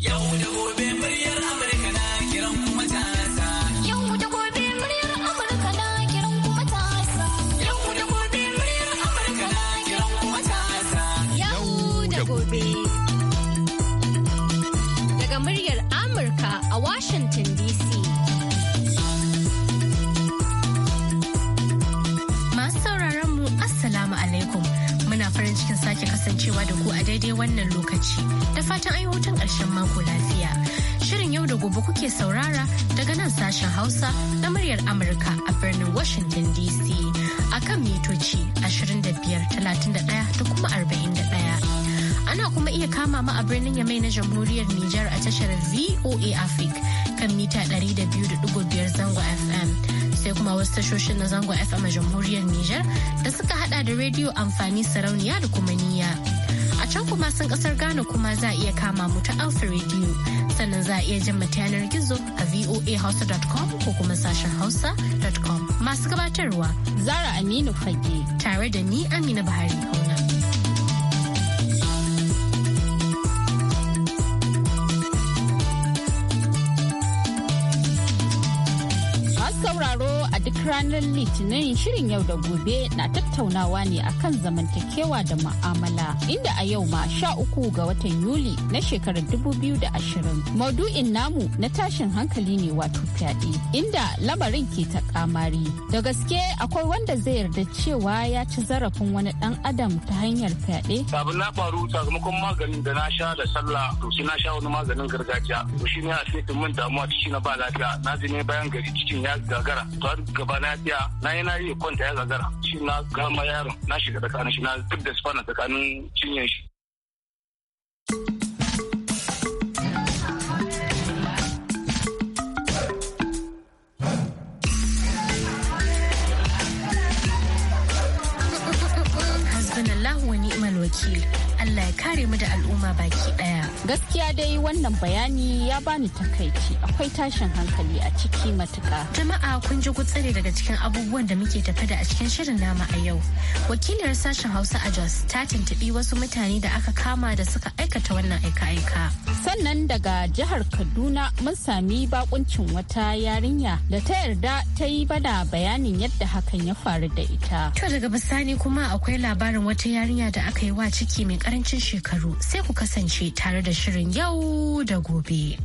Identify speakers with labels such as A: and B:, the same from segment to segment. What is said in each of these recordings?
A: Yau da gobe.
B: kasancewa da ku a daidai wannan lokaci da fatan ai hutun ƙarshen mako lafiya. Shirin yau da gobe kuke saurara daga nan sashen Hausa na muryar Amurka a birnin Washington DC a kan mitoci 25,31 da kuma 41. Ana kuma iya kama ma a birnin Yamai na Jamhuriyar Nijar a tashar VOA Africa kan mita 200.5 zango FM. sai kuma wasu tashoshin na zango FM a jamhuriyar Nijar da suka hada da rediyo amfani sarauniya da kuma niyya. A can kuma sun kasar Ghana kuma za a iya kama mu ta Alpha Radio. Sannan za a iya jin yanar gizo a voahausa.com ko kuma sashen hausa.com. Masu gabatarwa Zara Aminu Fage tare da ni Amina Bahari.
C: ranar litinin shirin yau da gobe na tattaunawa ne akan zamantakewa da ma'amala inda a yau ma sha uku ga watan yuli na shekarar dubu biyu da ashirin maudu'in namu na tashin hankali ne wato fyaɗe inda lamarin ke ta kamari da gaske akwai wanda zai yarda cewa ya ci zarafin wani ɗan adam ta hanyar fyaɗe.
D: sabon na faru sakamakon maganin da na sha da sallah to sai na sha wani maganin gargajiya to shi ne a sai min damuwa shi na ba lafiya na ji ne bayan gari cikin ya gagara to gaba na tsaya na yi na yi kwanta ya gagara shi na gama yaron na shiga tsakanin shi na duk da spana tsakanin cinyen shi
B: kare mu da al'umma baki daya. Gaskiya dai wannan bayani ya bani takaici akwai tashin hankali a ciki matuka. Jama'a kun ji gutsare daga cikin abubuwan da muke tafi da a cikin shirin nama a yau. Wakilar sashen Hausa a Jos ta tuntubi wasu mutane da aka kama da suka aikata wannan aika-aika.
C: Sannan daga jihar Kaduna mun sami bakuncin wata yarinya da ta yarda ta yi bada bayanin yadda hakan ya
B: faru da ita. To daga bisani kuma akwai labarin wata yarinya da aka yi wa ciki mai karancin shi. shekaru sai ku kasance tare da shirin yau da gobe.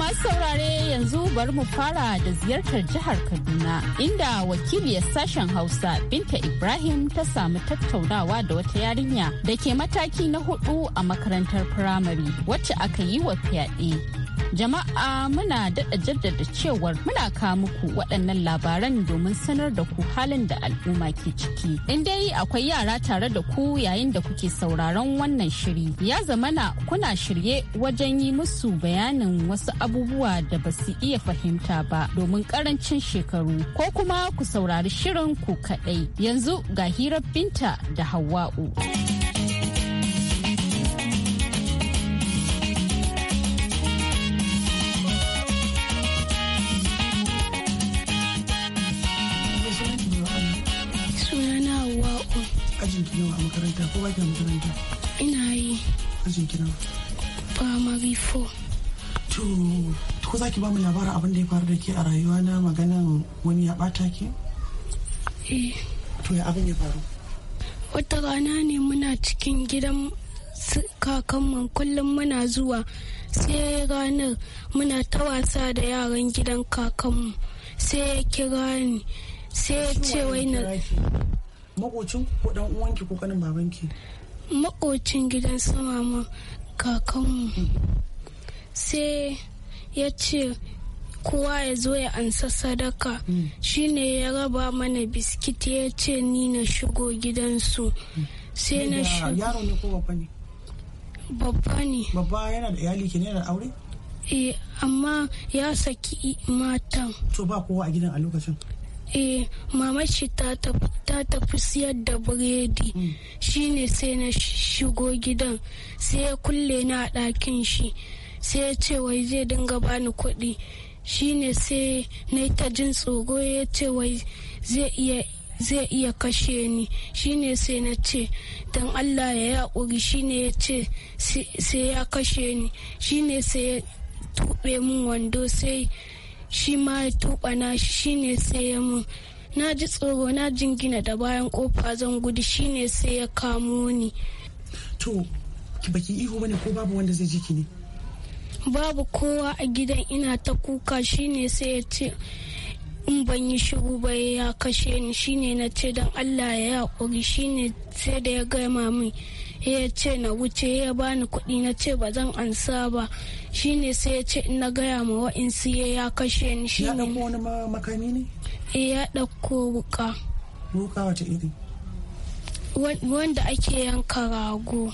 C: masu saurare yanzu bari mu fara da ziyartar jihar Kaduna inda wakiliyar sashen Hausa Binta Ibrahim ta samu tattaunawa da wata yarinya da ke mataki na hudu a makarantar firamare wacce aka yi wa fyaɗe Jama'a muna daɗa jaddada cewar muna ka muku waɗannan labaran domin sanar da ku halin da al'umma ke ciki. In dai akwai yara tare da ku yayin da kuke sauraron wannan shiri. Ya zamana kuna shirye wajen yi musu bayanin wasu abubuwa da ba su iya fahimta ba domin ƙarancin shekaru ko kuma ku saurari shirin ku kaɗai. Yanzu ga hirar binta da Hawwa'u.
E: nawa a makaranta ko baki a makaranta ina yi ajin kina primary four to ko za ki bamu mu labarin abin da ya faru da ke a rayuwa na maganan wani ya bata ki eh to ya abin ya faru
F: wata rana ne muna cikin gidan kakanmu kullum muna zuwa sai ranar muna ta wasa da yaran gidan kakanmu sai ya kira ni sai ya ce wai na makocin ko dan uwanki ko kanin babanki makocin gidan sama ma kakanmu sai ya ce kowa ya zo ya ansa sadaka mm. shine ya raba mana biskit ya ce ni na shigo gidansu mm. sai na shigo yaro ne ko babba ne babba ne babba yana da iyali ke yana da aure eh amma ya saki
E: matan to ba kowa a gidan a lokacin
F: eh mama shi ta tafi siyar da biredi hmm. shine sai na shigo gidan sai ya kulle ni a ɗakin shi sai ya ce wai zai dinga bani kuɗi shine sai na ta jin tsoro ya ce wai zai iya zai iya kashe ni shine sai na ce don allah ya yaƙuri shine ya ce sai ya kashe ni shine sai ya tuɓe min wando sai shi ma ya tuba na shi ne sai ya mun na ji tsoro na jingina da bayan kofa zan gudu shine sai ya kamo ni to
E: baki ihu bane ko babu wanda zai jiki ne
F: babu kowa a gidan ina ta kuka shine sai ya ce in ban yi shiru ba ya kashe ni shine na ce don allah ya shi shine sai da ya gama min Eh, ya ce na wuce ya bani kuɗi na ce ba zan ansa ba shine sai ya ce na gaya ma wa'insu ya ya kashe ni
E: shi ne wani makami ne eh, ya ɗauko wuka wuka wata iri
F: wanda ake yanka rago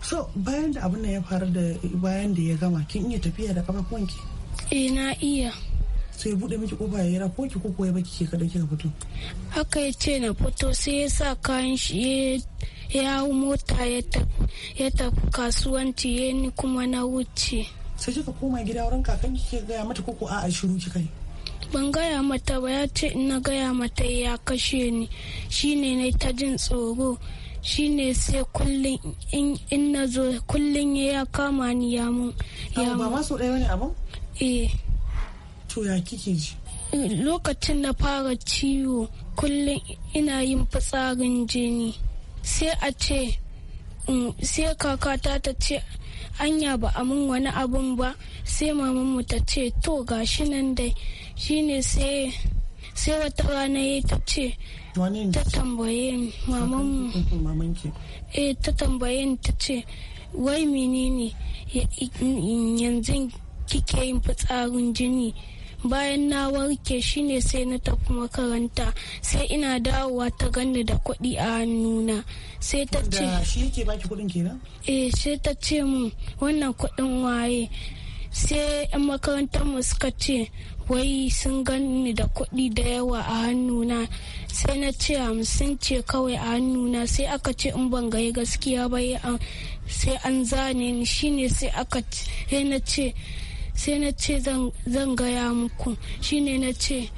E: so bayan da abin ya faru da bayan da ya gama kin iya tafiya da kafafuwanki eh na iya sai bude miki kofa ya yara ko ki ko ya baki ke kada kika fito
F: haka ya ce na fito sai ya sa kayan shi ya. ya hau mota ya tafi kasuwanci ya ni kuma na wuce sai kika koma gida wurin kakan ke gaya mata ko a'a shiru ki kai ban gaya mata ba ya ce na gaya mata ya kashe ni shine ne ta jin tsoro shine sai kullum in na zo kullum ya kama ni ya mu ya ba ma so ɗaya wani abu eh to ya kike ji lokacin na fara ciwo kullum ina yin fitsarin jini sai a ce mm, sai kakata ta ce anya ba a mun wani abun ba sai mamanmu ta ce to gashi nan dai shine sai sai wata rana ya ta ce ta tambaye mamanmu eh ta tambaye ta ce wai menene yanzu kike yin fitsarin jini bayan na warke shine sai na tafi makaranta sai ina dawowa ta ganda da kuɗi a hannuna sai ta ce
E: shi kuɗin
F: eh, sai ta ce mu wannan kuɗin waye sai yan makarantar mu suka ce wai sun gani da kuɗi da yawa a hannuna sai na ce hamsin ce kawai a hannuna sai aka ce in ban gaye gaskiya ba sai an zane ni shine sai aka na ce sai na ce zan gaya muku shine na ce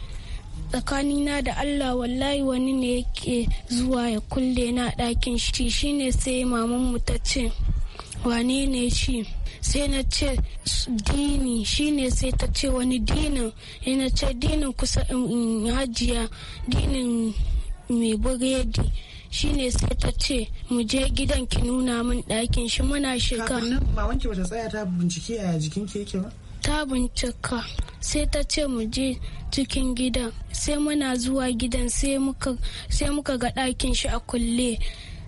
F: tsakanina da Allah wallahi wani ne yake zuwa ya kulle na ɗakin shi shine sai mu ta ce wane ne shi sai na ce dini shine sai ta ce wani dinin na ce dinin kusa in hajiya dinin mai buredi shine sai ta ce mu je gidan ki nuna min ɗakin shi muna shiga. Kafin
E: nan ba wanke tsaya ta bincike a jikin keke ba?
F: ta bincika sai ta ce mu je cikin gidan sai muna zuwa gidan sai muka ga ɗakin shi a kulle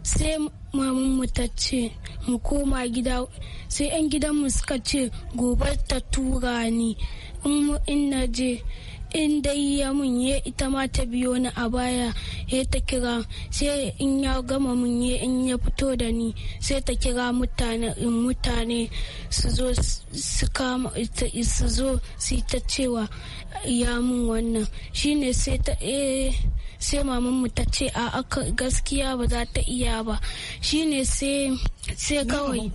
F: sai mamanmu ta ce mu koma gida sai 'yan gidanmu suka ce gobe ta tura ni in na je in dai ya mun ye ita ma ta biyo ni a baya ya ta kira sai in ya gama mun ye in ya fito da ni sai ta kira mutane in mutane su zo su kama su zo su ta cewa ya mun wannan shine sai ta eh sai mu ta ce a aka gaskiya ba za ta iya ba shine sai sai kawai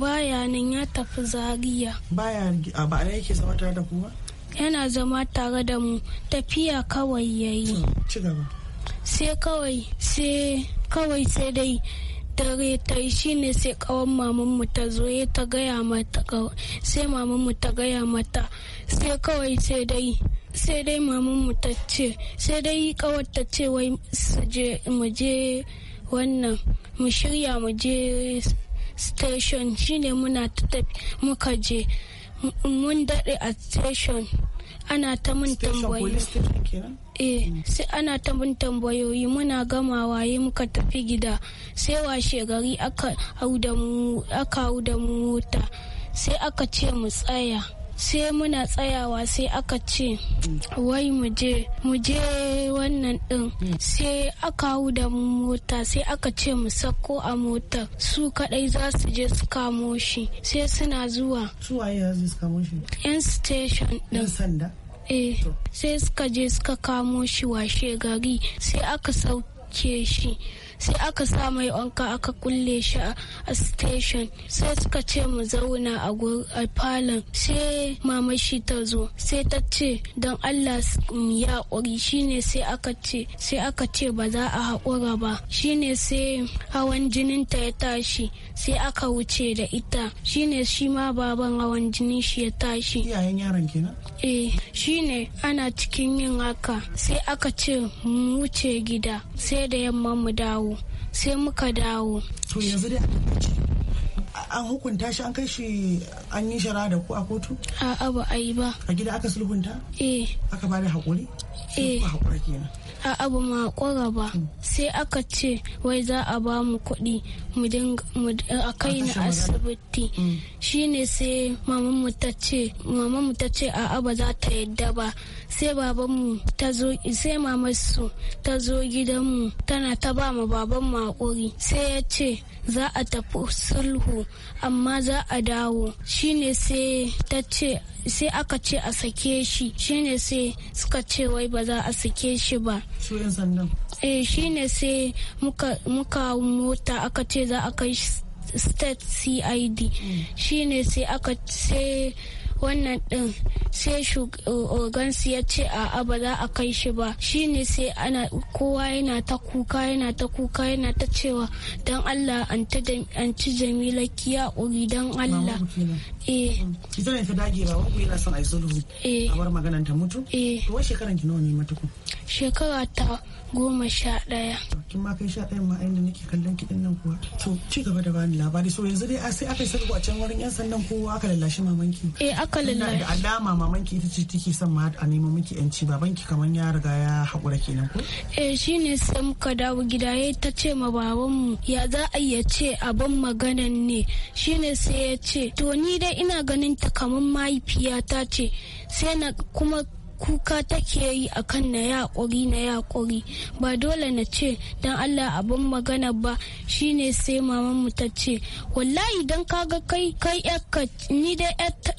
F: baya nan ya tafi zariya
E: baya ba a yake samatar tare da kowa
F: yana zama tare da mu tafiya kawai ya yi sai kawai sai kawai sai dai dare ta yi shine sai kawan mamanmu ta zo ya ta gaya mata sai mamanmu ta gaya mata sai kawai sai dai sai dai mamanmu ta ce sai dai kawar ta ce wai mu je wannan mu shirya mu je station shine muna ta muka je mun daɗe a station ana ta mun tambayoyi eh mm. sai ana ta mun tambayoyi muna gamawa yi muka tafi gida sai washe gari aka hau da mu mota sai aka ce mu tsaya sai muna tsayawa sai aka ce wai mu je wannan din sai aka hau da mota sai aka ce mu sako a mota su kadai za su je su kamo shi sai suna zuwa yan station din eh, sai suka je suka kamo shi washe gari sai aka sauke shi sai aka sa mai wanka aka kulle shi a station sai suka ce mu zauna a falon sai mama shi ta zo sai ta ce don allah mu ya ƙuri shine sai aka ce sai aka ce ba za a haƙura ba shine sai hawan jinin ta ya tashi sai aka wuce da ita shine shi ma baban hawan jinin shi ya tashi iyayen eh shine ana cikin yin haka sai aka ce mu wuce gida sai da yamma mu dawo sai muka dawo to yanzu da
E: an hukunta shi an kai shi an yi shara da ku a kotu a'a ba a yi ba a gida aka sulhunta eh aka bada hakuri Eh. A abu ma
F: kwara ba hmm. sai aka ce wai za a ba mu kuɗi a kai na asibiti hmm. shine sai mamamu ta ce a aba za ta yadda ba sai baban ta zo sai mamar ta zo gidan tana ta ba mu baban mu hakuri sai ya ce za a tafi sulhu amma za a dawo shine sai ta ce sai aka ce a sake shi shine sai suka ce kawai ba za a sake shi ba
A: su yan sandan
F: eh shine sai muka muka mota aka ce za a kai state cid mm. shine sai aka ce wannan din sai shugansu ya ce a ba za a kai shi ba shine sai ana kowa yana ta kuka yana ta kuka yana ta cewa don allah an ci jamila
E: kiya uri don allah ta eh. dage ba a yi eh. a mutu eh. to shekaran ne shekara ta goma sha ɗaya. Kin ma kai sha ɗaya ma inda nake kallon kiɗin nan kuwa. To ci gaba da bani labari so yanzu dai sai aka yi sarko a can wurin 'yan sandan kowa aka lallashi mamanki. Eh haka lillahi alama mamanki ki ita ce take son ma a nemo miki yanci baban ki kaman ya riga ya haƙura kenan ko eh shine
F: sai muka dawo gida yayi ta ce ma baban mu ya za a iya ce abin maganan ne shine sai ya ce to ni dai ina ganin ta kaman mahaifiyata ce sai na kuma kuka take yi a kan na yaƙuri na yaƙuri ba dole na ce don allah abin magana ba shine sai maman mu ta ce wallahi don kaga kai kai yakka ni da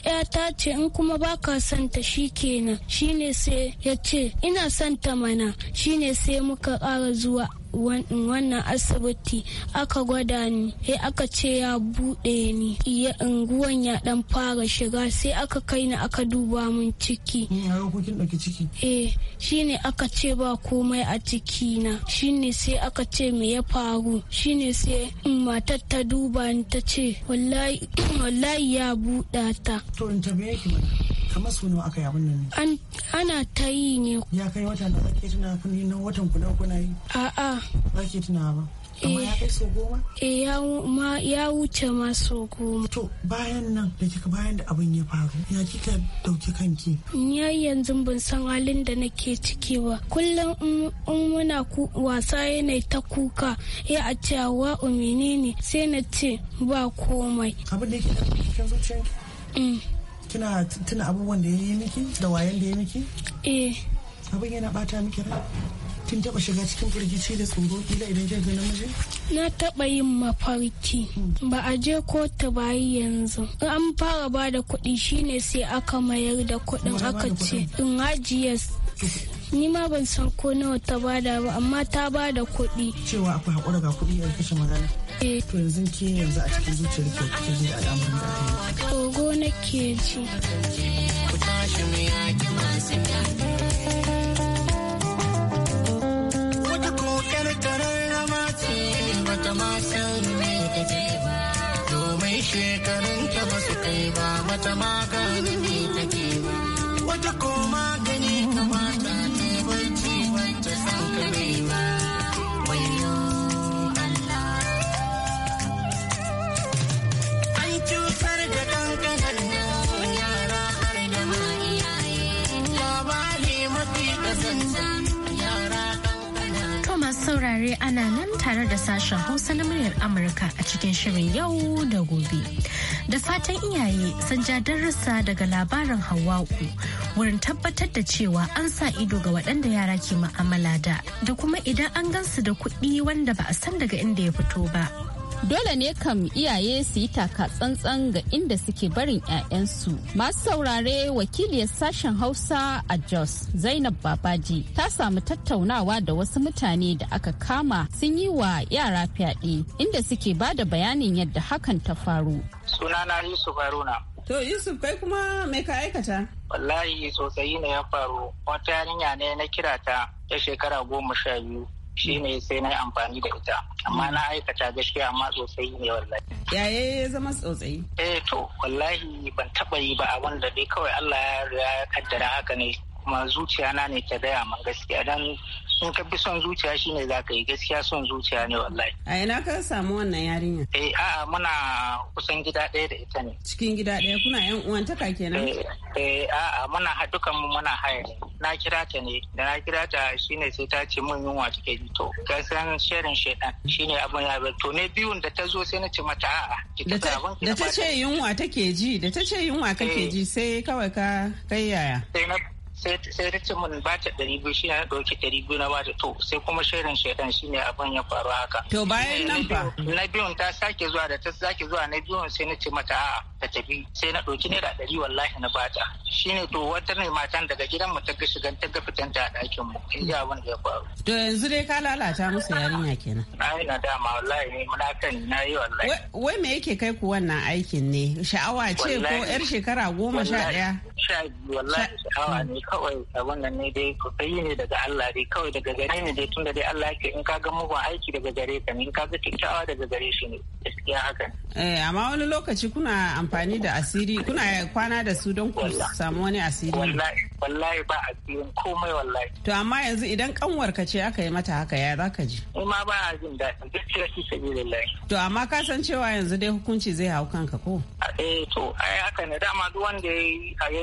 F: yata ce in kuma ba baka santa ta shikenan shine sai ya ce ina santa mana shine sai muka ƙara zuwa wannan asibiti aka gwada ni sai aka ce ya buɗe ni iya unguwan ya dan fara shiga sai aka kai ni aka duba min ciki eh shine aka ce ba komai a ciki na shine sai aka ce me ya faru shine sai matar ta duba ni ta ce wallahi ya buɗa ta to in ta
E: kamar su nawa aka yi abin nan
F: ne ana ta yi ne ya kai wata da ake tuna kun yi nan watan kuna kuna yi
E: a'a ba ke tuna ba
F: amma ya eh. kai
A: so goma
E: eh ya wuce ma so goma to bayan nan da kika bayan da abin ya faru ya kika dauki kanki
F: ya yanzu ban san halin da nake ciki ba kullum in muna wasa yana ta kuka ya a cewa umini ne sai na ce ba
E: komai abin da yake da cikin zuciyarki mm. kina tuna abubuwan da ya yi miki da wayan da ya miki eh abin yana bata miki rai kin taba shiga cikin firgici da tsoro kila idan kika ga namiji
F: na taba yin mafarki ba a je kotu ba yanzu an fara ba da kuɗi shine sai aka mayar da kuɗin aka ce in ajiye ni ma ban san ko nawa ta bada ba amma
E: ta bada kuɗi cewa akwai hakura ga kuɗi a kashe magana eh to yanzu ke yanzu a cikin zuciyar ke
A: kike ji al'amuran da ake nake ji ku masu wata kokar karar rama ce ba
G: domin shekarun ta ba su kai ba mata maganin ne take ba wata ko magani kamata
B: dai ana nan tare da sashen Hausa na muryar Amurka a cikin shirin yau da gobe. Da fatan iyaye sun ja darussa daga labarin Hawwa'u wurin tabbatar da cewa an sa ido ga waɗanda yara ke ma'amala da da kuma idan an gansu da kuɗi wanda ba a san daga inda ya fito ba. dole ne kam iyaye
C: su yi taka tsantsan ga inda suke barin 'ya'yansu masu saurare wakiliyar sashen hausa a jos zainab babaji ta samu tattaunawa da wasu mutane da aka kama sun yi wa yara fyaɗe inda suke ba da bayanin yadda hakan ta
G: faru sunana yusuf haruna
H: to yusuf kai kuma me ka aikata
G: wallahi sosai ne ya faru wata yarinya ne na kirata ta shekara goma sha biyu shi ne sai na yi amfani da ita amma na aikata gaskiya amma tsotsayi ne wallahi Ya ya zama tsotsayi eh to wallahi ban taba yi ba abin da dai kawai Allah ya kaddara haka ne kuma zuciya na ne ta daya ma gaskiya dan in ka bi son zuciya shine za ka yi gaskiya son zuciya ne wallahi
H: a ina ka samu wannan yarinya
G: eh a'a muna kusan gida ɗaya da ita ne
H: cikin gida ɗaya kuna yan uwan taka kenan eh,
G: eh a'a muna ha dukan mu muna haya na kira ta ne da na kira ta shine sai ta ce mun yunwa take ji to ka san sharin shedan shine abun ya to ne biyun da ta zo sai na ce mata a da ta ce
H: yunwa take ji da ta ce yunwa kake eh. ji sai kawai ka kai yaya
G: sai ta mun ba ta ɗari biyu shi na ɗauki ɗari biyu na ba ta to sai kuma shirin shaidan shi ne abin ya faru haka. To bayan nan fa. Na biyun ta sake zuwa da ta sake zuwa na biyun sai na ce mata a'a ta tafi sai na ɗauki naira ɗari wallahi na bata shine to wata ne matan daga gidan mu ta shigan ta fitan ta a ɗakin mu in ji abin da ya faru.
H: to yanzu dai ka lalata musu yarinya kenan.
G: yi na dama wallahi ne muna kan na yi wallahi.
H: wai me yake kai ku wannan aikin ne sha'awa ce ko yar shekara goma sha ɗaya.
G: sha biyu wallahi sha'awa hmm. ne kawai abin nan ne dai kai ne daga Allah dai kawai daga gare ne dai tunda dai Allah yake in ka ga mugun aiki daga gare ka ne in ka ga kyakkyawa daga gare shi ne gaskiya haka.
H: eh amma wani lokaci kuna amfani amfani da asiri kuna kwana da su don ku samu wani asiri
G: wallahi ba asirin komai wallahi
H: to amma yanzu idan kanwar ka ce aka yi mata haka ya za ka ji
G: ma ba a jin daɗi gaskiya shi sabilillahi
H: to amma ka san cewa yanzu dai hukunci zai hau kanka ko
G: eh to ai haka ne dama duk wanda ya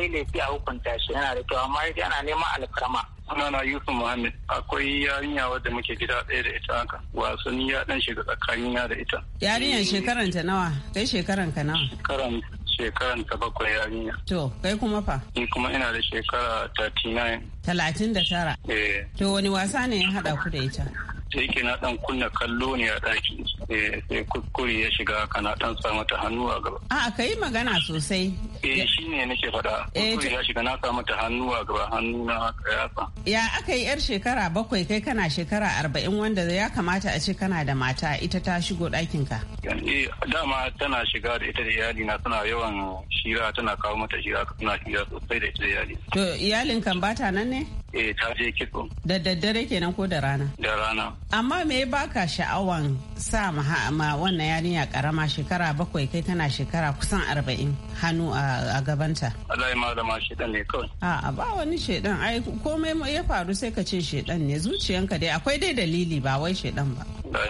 G: yi laifi a hukunta shi
H: yana da kyau amma yana neman alkarama.
G: sunana Yusuf Muhammad akwai yarinya wadda muke
D: gida ɗaya da ita haka wasanni ya dan shiga tsakanina da ita. Yarinyar eh,
H: shekaran ta nawa kai shekaran ka nawa?
D: Shekaran shekaran ta bakwai yarinya.
H: To kai kuma fa?
D: Ni kuma ina da shekara 39.
H: tara. Eh. To wani wasa ne ya haɗa ku da ita?
D: Da yake na ɗan kunna kallo ne a ɗaki. Eh, sai kuskure ya shiga kana dan sa mata hannu a gaba
H: A ka yi magana sosai
D: eh ne nake faɗa eh, kuskure ya shiga na sa mata hannu a gaba hannu na yatsa
H: ya aka yi yar shekara bakwai kai kana shekara arba'in wanda ya kamata a ce kana da mata ita ta shigo ɗakin ka
D: eh, dama tana shiga da ita da iyali na suna yawan shira tana kawo mata shira suna shira sosai da ita da iyali
H: to iyalin kan bata nan ne
D: eh ta je kitso
H: da daddare kenan ko da rana da rana amma me baka sha'awan sa ma wannan yarinya karama shekara bakwai kai tana shekara kusan arba'in hannu a gabanta.
D: Allah malama shedan ne kawai.
H: A ba wani shedan ai komai ya faru sai ka ce shedan ne zuciyanka dai akwai dai dalili ba wai shedan ba.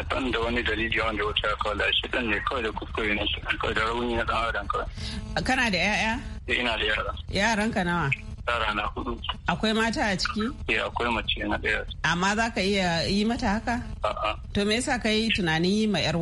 D: ban da wani dalili wanda wuce kawai da shedan ne kawai da kuskure ne shedan kawai da rauni na dan adam kawai.
H: Kana da 'ya'ya?
D: Eh, ina da yara.
H: Yaranka nawa?
D: tara na hudu.
H: Akwai mata a ciki?
D: Eh akwai mace na ɗaya.
H: Amma za ka iya yi mata haka? A'a. To me yasa ka yi tunanin yi ma 'yar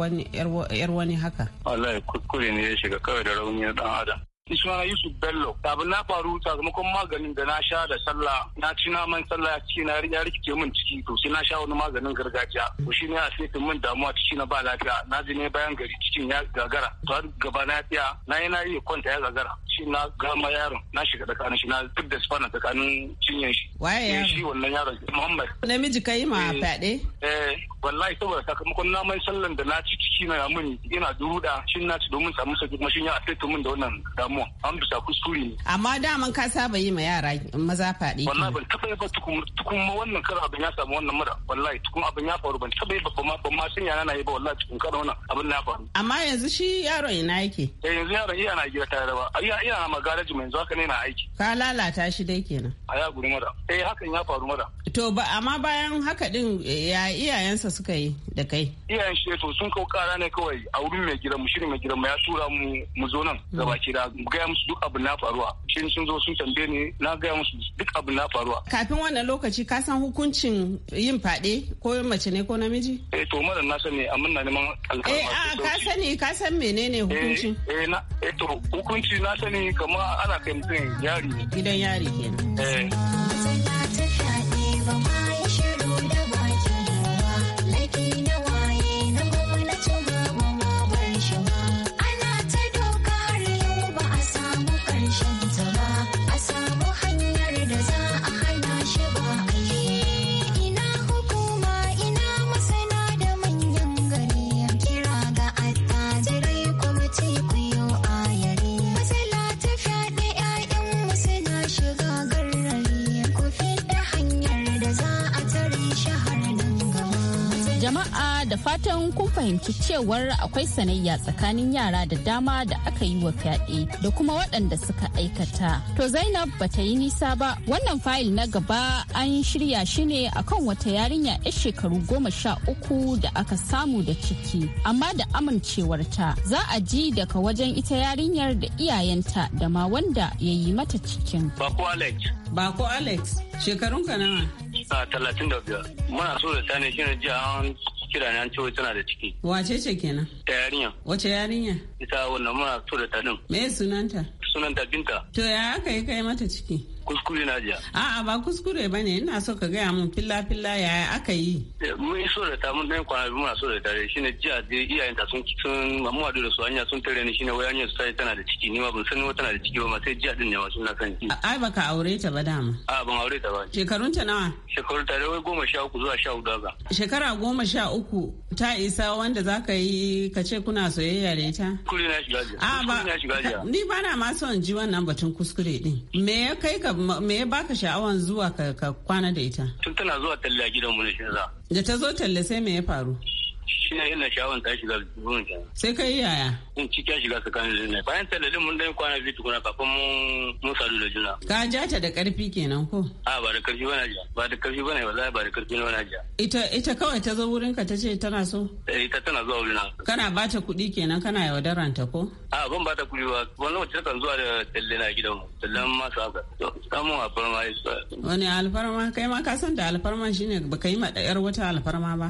H: wani haka?
D: Wallahi kuskure ne ya shiga kawai da rauni na ɗan adam. suna Yusuf Bello abin na faru sakamakon maganin da na sha da sallah na ci naman sallah ci na ya rikice min ciki to sai na sha wani maganin gargajiya to shi ne a asibitin min damuwa ciki na ba lafiya na ji ne bayan gari cikin ya gagara to har gaba na tsaya na yi na yi kwanta ya gagara shi na gama yaron na shiga tsakanin shi na duk da sifana tsakanin cinyen shi
H: waye eh, yaron shi
D: wannan yaron Muhammad
H: namiji kai ma eh, fade
D: eh wallahi saboda sakamakon naman sallan da na ci ciki na ya muni ina duruda shin na ci domin samu sauki kuma shin ya asibitin min da wannan damuwa mu an bisa kuskure ne.
H: Amma daman ka saba yi ma yara maza faɗi. Wallahi ban taɓa yi ba tukun ma wannan
D: kar abin ya samu wannan mura wallahi tukun abin ya faru ban taɓa yi ba ban ma san yana na yi ba wallahi tukun kada wannan abin na faru.
H: Amma yanzu shi yaron ina yake.
D: Eh yanzu yaron iya na gida tare ba iya iya ma magaraji mai yanzu haka ne na aiki.
H: Ka lalata shi dai kenan.
D: A ya guri mura Eh hakan ya faru mura.
H: To ba amma bayan haka din ya iyayensa suka yi da kai.
D: Iyayen shi to sun kau kara ne kawai a wurin mai gidan mu shirin mai gidan mu ya tura mu mu zo nan gabaki da gaya musu duk abu na faruwa shi sun zo sun tambaye ni na gaya musu duk abu na faruwa
H: kafin wannan lokaci ka san hukuncin yin fade ko mace ne ko namiji
D: eh to mara na sani amma na neman alƙalma eh a ah,
H: ka sani ka san menene eh, hukuncin
D: eh na eh to hukunci na sani kamar ana kai mutum yari gidan yari kenan eh
C: fatan kun fahimci cewar akwai sanayya tsakanin yara da dama da aka yi wa fyaɗe da kuma waɗanda suka aikata. To Zainab ba ta yi nisa ba wannan fayil na gaba an shirya shi ne akan wata yarinya 'ya shekaru goma sha uku da aka samu da ciki amma da amincewarta za a ji daga wajen ita yarinyar da iyayenta da ma wanda ya yi mata cikin.
H: Bako Alex. Bako Alex shekarunka nawa? Talatin da biyar. Muna so da shi
D: ne kira ne an ce tana da ciki.
H: Wace ce kenan? Ta yarinya. Wace yarinya?
D: Ita wannan muna so da ta Me sunanta? Sunanta Binta.
H: To ya aka yi kai mata ciki?
D: kuskure na jiya.
H: A'a ba kuskure ba ne ina so ka gaya mun filla filla yi aka yi.
D: Eh, mun so da ta mun kwana biyu muna so da tare shine jiya iyayen ta sun sun mamu hadu da su hanya sun tare ni shi ne wayan su ta tana da ciki ni ma ban ni tana da ciki ba ma sai jiya din ne ma sun na san ki.
H: Ai baka aure ta ba dama.
D: A'a ban aure ta ba.
H: Shekarun ta nawa?
D: Shekarun ta dai goma sha uku zuwa sha hudu haka.
H: Shekara goma sha uku ta isa wanda za ka yi ka ce kuna soyayya da ita? Kuskure na shiga jiya. A'a ba. Ni ba na ma son ji wannan batun kuskure din. Me ya kai ka me ya baka sha'awan zuwa ka kwana da ita?
D: Tun tana zuwa talla gidan mu ne shi za.
H: Da ta zo talla sai me ya faru?
D: shi ne ina sha'awar ta shiga burin kenan. Sai ka yi yaya? In ciki ya shiga tsakanin juna. Bayan tallalin mun dan kwana biyu tukuna kafin mun sadu da juna.
H: Ka ja ta da ƙarfi kenan ko?
D: A ba da karfi bane ja. Ba da karfi bane wallahi ba da karfi ne wani ja.
H: Ita ita kawai ta zo wurin ka ta ce tana so?
D: Eh ita tana zuwa wurin.
H: Kana ba ta kuɗi kenan kana yaudaran ta ko?
D: A ban ba ta kuɗi ba. Wani lokaci kan zuwa da talle na gidanmu. Tallan masu haka. Samun alfarma ya
H: Wani alfarma kai ma ka san da alfarma shine ka yi ma ɗayar wata alfarma ba.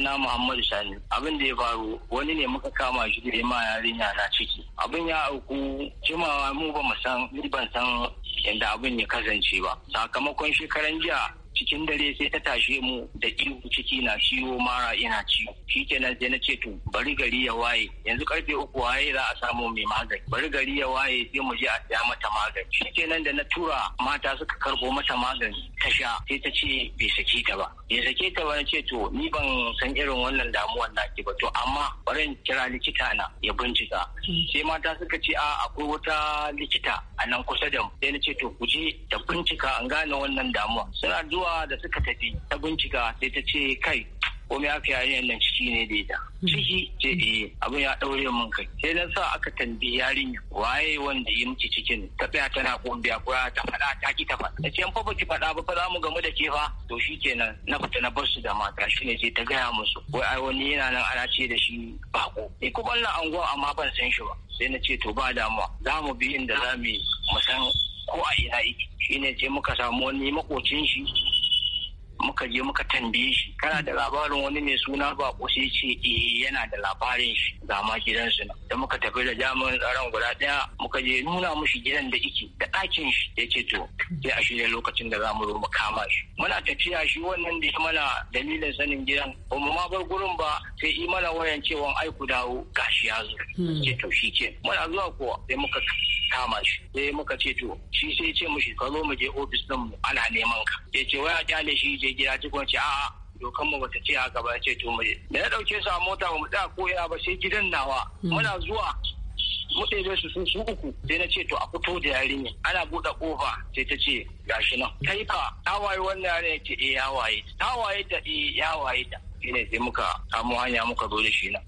I: na Muhammadu Sani abin da ya faru wani ne muka kama shi da ma yarinya na ciki abin ya auku jimawa mu ba mu san ban san yadda abin ya kasance ba sakamakon shekaran jiya cikin dare sai ta tashe mu da ihu ciki na ciwo mara ina ciwo nan sai na ce to bari gari ya waye yanzu karfe uku waye za a samu mai magani bari gari ya waye sai mu je a siya mata magani nan da na tura mata suka karbo mata magani ta sha sai ta ce bai sake ta ba bai sake ta ba na ce to ni ban san irin wannan damuwar naki ba to amma bari in kira likita na ya bincika sai mata suka ce a akwai wata likita a nan kusa da mu sai na ce to ku je ta bincika an gane wannan damuwa suna zuwa abubuwa da suka tafi ta bincika sai ta ce kai komai aka yarinya nan ciki ne da ita hmm. ciki ce eh abin ya daure mun kai sai na sa aka tambayi yarinya waye wanda ya miki cikin ta tsaya tana kumbiya ko ta faɗa ta ki ta faɗa ta ce fafa baki faɗa ba fa za mu gamu da ke fa to shikenan na fita na bar su da mata shine sai ta gaya musu wai ai wani yana nan ana ce da shi bako ni kuma na anguwa amma ban san shi ba sai na ce to ba damuwa za mu bi inda za mu yi mu san ko a ina yake shine ce muka samu wani makocin shi muka je muka tambaye shi kana da labarin wani mai suna ba sai ce eh yana da labarin shi ga ma gidansu na da muka tafi da jami'in tsaron guda ɗaya. muka je nuna mushi gidan da yake da ɗakin shi ya ce to sai a shirya lokacin da za mu zo mu kama shi muna tafiya shi wannan da ya mana dalilin sanin gidan ba mu ma bar gurin ba sai yi mana wayan cewa ai ku dawo gashi ya zo hmm. ce to shi ke muna zuwa kuwa sai muka kama shi sai muka ce to shi sai ce mu ka zo mu je ofis din mu ana neman ka ya ce wai a kyale shi je gida tukun ce a'a dokan mu bata ce a gaba. ya ce to mu je da na dauke su a mota mu da koya ba sai gidan nawa hmm. muna zuwa mu ɗebe su sun su uku sai na ce to a fito da yarinya ana buɗe ƙofa sai ta ce gashi nan kai fa ta waye wannan yarinya ce eh ya waye ta waye ta eh ya waye ta shine sai muka samu hanya muka zo da shi na.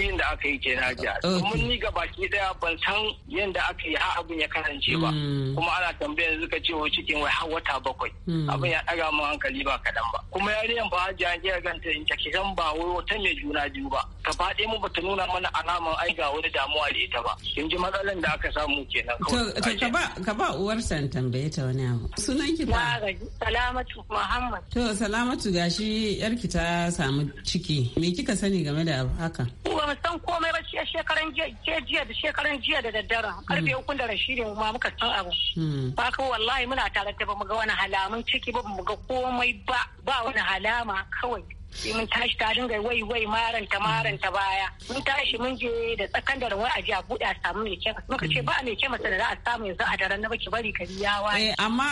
I: yin da aka yi ke na jiya. Mun ni ga baki daya ban san yadda aka yi har abin ya kasance ba. Mm. Kuma ana tambayar suka ce wa cikin wai har wata bakwai. Mm. Abin ya ɗaga mun hankali ba kaɗan ba. Kuma yariyan ba hajiya jiya ganta in take zan ba wai wata mai juna biyu ba. Ka faɗi mu bata nuna mana alamar ai ga wani damuwa da ita ba. In ji matsalar da aka samu kenan. To
H: ka ba uwar san tambaye ta wani abu. Sunan ki ta. Salamatu Muhammad. To Salamatu gashi ki ta samu samu ciki me kika sani game da abu haka
J: ba mu san komai ba ce shekaran jiya da shekaran jiya da daddare karfe uku da rashi ne ma muka san abu hmm. ba ka wallahi muna tare da ba mu ga wani halamun ciki ba mu ga komai ba ba wani halama kawai sai mun tashi ta dinga wai wai maranta maranta baya mun tashi mun je da tsakan da wai a buɗe a samu mai kemas muka ce ba mai kemas da za a samu yanzu a daren na baki bari ka wa. waye eh, amma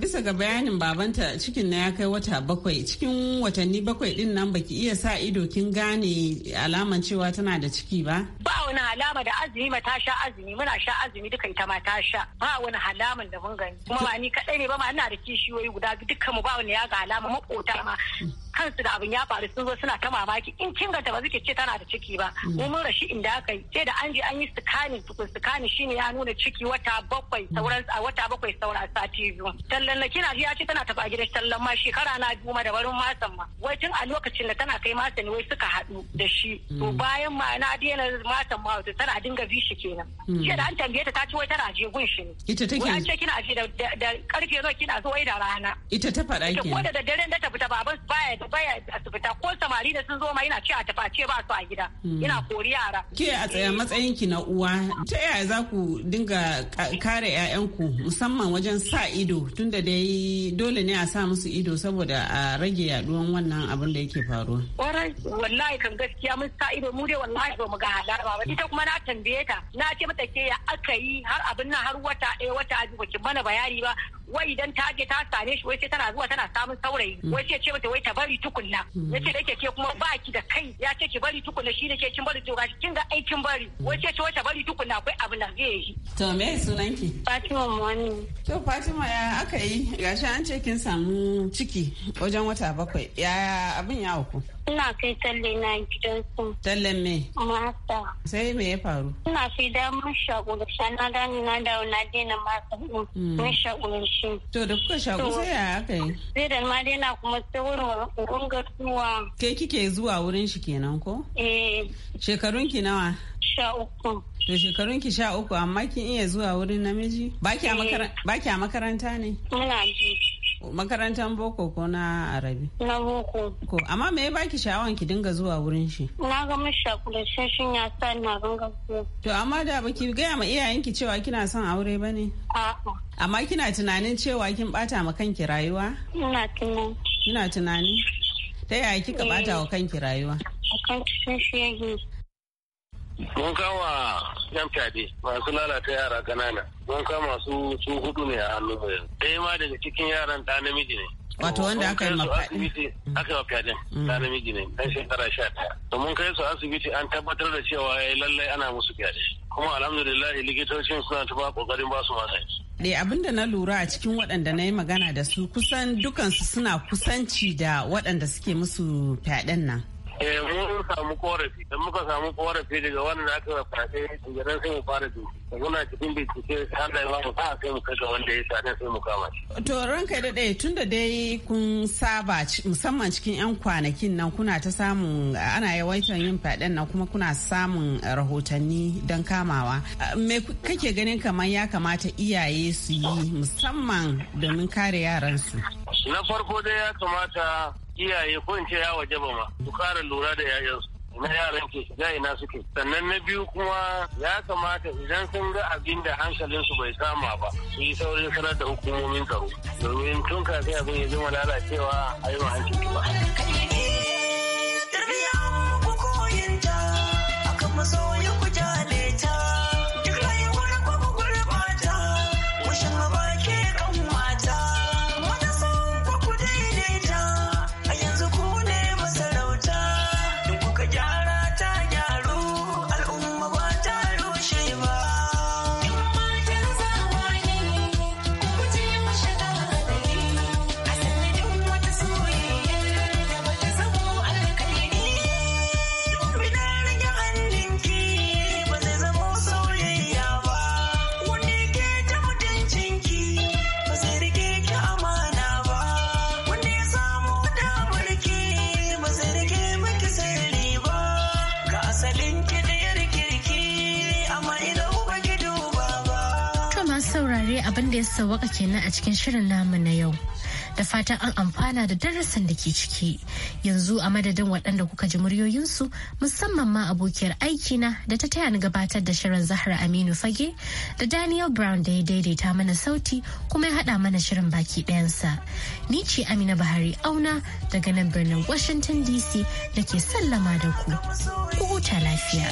H: bisa ga bayanin babanta cikin na ya kai wata bakwai cikin watanni bakwai din nan baki iya sa ido kin gane alaman cewa tana da ciki ba
J: ba wani alama da azumi ma ta sha azumi muna sha azumi duka ita ma ta sha ba wani alaman da mun gani kuma ba ni kadai ne ba ma ina da kishiyoyi guda dukkan mu ba wani ya ga alama makota ma kansu da abin ya faru sun zo suna ta mamaki in kinganta ba zuke ce tana da ciki ba mu mun rashi inda aka yi sai da an je an yi scanning tukun scanning shine ya nuna ciki wata bakwai sauran a wata bakwai sauran sati biyu tallan na kina ji ya ce tana tafi gidan tallan ma shekara na biyu ma da barin masan ma wai tun a lokacin da tana kai masan ne wai suka haɗu da shi to mm. bayan ma na daina masan ma wato tana dinga bi shi kenan jiya mm. da an tambaye ta ta ce wai tana je gun shi ne ita take wai an ce kina ji da karfe zo kina zo wai da rana
H: ita ta faɗa kenan ko da
J: daddare da ta fita baban baya baya su fita ko samari da sun zo ma yana ce a tafa ce ba su a gida hmm. Ina kori yara ke a tsaya
H: matsayin ki na uwa ta yaya za ku dinga kare ƴaƴanku musamman wajen sa ido tunda dai dole ne a sa musu ido saboda a rage yaduwan wannan abin da yake faruwa
J: kwarai wallahi kan gaskiya mun sa ido mu dai wallahi ba mu ga halar ba ita kuma na tambaye ta na ce mata ke ya aka yi har abin nan har wata ɗaya wata biyu baki mana bayani ba wai idan ta je ta same shi wai sai tana zuwa tana samun saurayi hmm. wai sai ce mata wai ta bari tukunna ya ce dake ke kuma ba ki da kai ya ce ki bari tukuna shi ne ke kin bari tukuna kin ga aikin bari wai ce ce wace bari tukuna akwai abu na zai yi
H: to me sunan ki Fatima Mani to Fatima ya aka yi gashi an ce kin samu ciki wajen wata bakwai ya abin ya hukun Ina kai talle na gidansu. Talle me? Masa. Sai me ya faru? Ina fi
J: da mun shaƙu shi na gani na dawo na daina masa ɗin. Mm. Mun shaƙu shi. To da kuka shaƙu sai ya aka yi? Sai da ma daina kuma sai wurin rungar zuwa. Ke
H: kike zuwa wurin shi kenan ko? Eh. Shekarun ki nawa? Sha uku. To shekarun ki sha uku amma kin iya zuwa wurin namiji? Ba ki a eh. makaranta ne? Muna ji. makarantar boko ko na arabi na boko ko amma me ya baki sha'awan ki dinga zuwa wurin shi na ga masha kula shashin ya sa na ganga to amma da baki gaya ma iyayen ki cewa kina son aure ba ne a'a amma kina tunanin cewa kin bata ma kanki rayuwa ina tunani Ina tunani ta yaya kika bata wa eh. kanki rayuwa akan cikin shege
D: Mun kama yan fyaɗe masu lalata yara ganana Mun kama su su hudu ne a hannu yanzu. Ɗaya ma daga cikin yaran ɗa namiji ne.
A: Wato wanda aka yi
D: mafaɗi. Aka yi mafaɗin mm. ɗa namiji ne ɗan shekara sha ɗaya. mun kai su asibiti an tabbatar da cewa eh, lallai ana musu fyaɗe. Kuma alhamdulillah likitocin suna tuba ƙoƙarin ba su magani.
H: da eh, abin da na lura a cikin waɗanda na yi magana da su kusan dukansu suna kusanci da waɗanda suke musu fyaɗen nan.
D: eh mun samu korafi da muka samu korafi daga wannan aka yi fashe daga sai mu fara dubi muna cikin bincike har da mu sa sai mu kashe wanda ya sata sai mu kama shi
H: to ranka da dai da dai kun saba musamman cikin yan kwanakin nan kuna ta samun ana yawaitan yin faɗen nan kuma kuna samun rahotanni don kamawa eh, me kake ganin kamar ya kamata iyaye su yi musamman domin kare su.
D: na farko dai ya kamata iyaye ko in ce ya waje ba ma su kara lura da 'ya'yansu na yaran ke shiga ina suke sannan na biyu kuma ya kamata idan sun ga abin da hankalinsu bai sama ba su yi saurin sanar da hukumomin tsaro domin tun kafin abin ya zama lalacewa a yi wa ba.
A: Tarbiyya akan
B: abin da ya sauwaka kenan a cikin shirin namu na yau. Da fatan an amfana da darasin da ke ciki. Yanzu a madadin waɗanda kuka ji muryoyinsu musamman ma abokiyar aikina da ta taya ni gabatar da shirin Zahra Aminu Fage da Daniel Brown da ya daidaita mana sauti kuma ya haɗa mana shirin baki ɗayansa. Ni ce Amina Bahari Auna daga nan birnin Washington DC da ke sallama da ku. Ku huta lafiya.